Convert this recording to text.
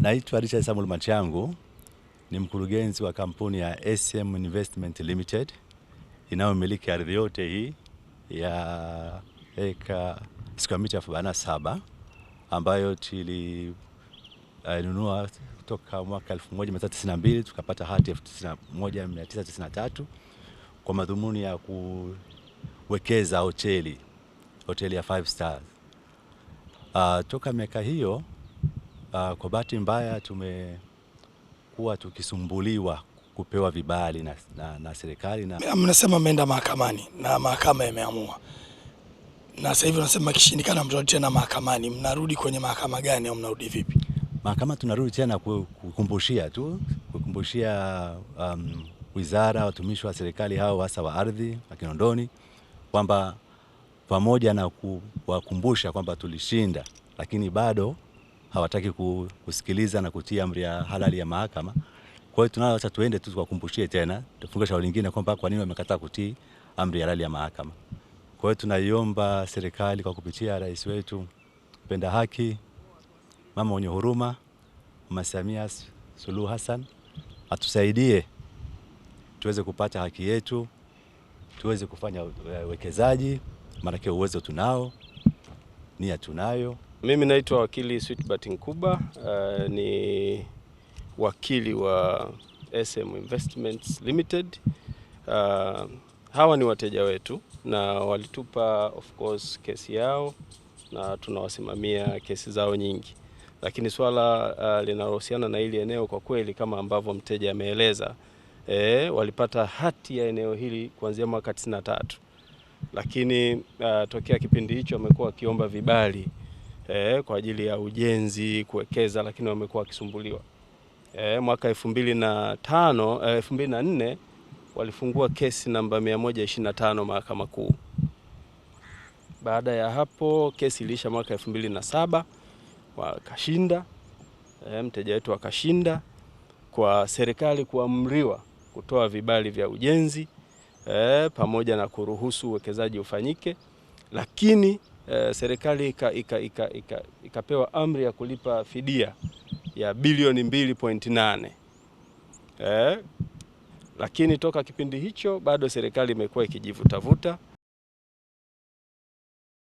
Naitwa Richard Samuel Machangu, ni mkurugenzi wa kampuni ya SM Investment Limited inayomiliki ardhi yote hii ya eka square mita elfu arobaini na saba ambayo tulinunua uh, toka mwaka 1992 tukapata hati 1993 kwa madhumuni ya kuwekeza hoteli hoteli ya five stars. Uh, toka miaka hiyo Uh, kwa bahati mbaya tumekuwa tukisumbuliwa kupewa vibali na, na, na serikali na... mnasema mmeenda mahakamani na mahakama imeamua, na sasa hivi unasema kishindikana mtarudi tena mahakamani. Mnarudi kwenye mahakama gani au mnarudi vipi? Mahakama tunarudi tena kukumbushia tu kukumbushia um, wizara watumishi wa serikali hao hasa wa ardhi wa Kinondoni kwamba pamoja na kuwakumbusha kwamba tulishinda, lakini bado hawataki kusikiliza na kutia amri ya halali ya mahakama. Kwa hiyo tunao sasa, tuende tu tukakumbushie tena, tufunge shauri lingine kwamba kwa nini wamekataa kutii amri ya halali ya mahakama. Kwa hiyo tunaiomba serikali kwa kupitia rais wetu mpenda haki, mama mwenye huruma, Mama Samia Suluhu Hassan atusaidie tuweze kupata haki yetu, tuweze kufanya uwekezaji, maanake uwezo tunao, nia tunayo. Mimi naitwa wakili Switbert Nkuba, uh, ni wakili wa SM Investments Limited. Uh, hawa ni wateja wetu na walitupa of course kesi yao na tunawasimamia kesi zao nyingi, lakini swala uh, linalohusiana na hili eneo kwa kweli kama ambavyo mteja ameeleza e, walipata hati ya eneo hili kuanzia mwaka 93 lakini uh, tokea kipindi hicho wamekuwa wakiomba vibali eh, kwa ajili ya ujenzi kuwekeza, lakini wamekuwa wakisumbuliwa eh, mwaka elfu mbili na tano eh, elfu mbili na nne walifungua kesi namba 125 Mahakama Kuu. Baada ya hapo kesi iliisha mwaka saba wakashinda, eh, mteja wetu akashinda kwa serikali kuamriwa kutoa vibali vya ujenzi eh, pamoja na kuruhusu uwekezaji ufanyike, lakini Eh, serikali ikapewa ika, ika, ika, ika amri ya kulipa fidia ya bilioni 2.8 eh, lakini toka kipindi hicho bado serikali imekuwa ikijivutavuta.